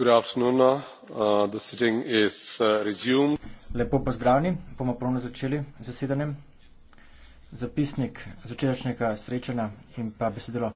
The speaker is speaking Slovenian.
Uh, uh, Lepo pozdravljeni, bomo pravno začeli z zasedanjem. Zapisnik z včerajšnjega srečanja in pa besedilo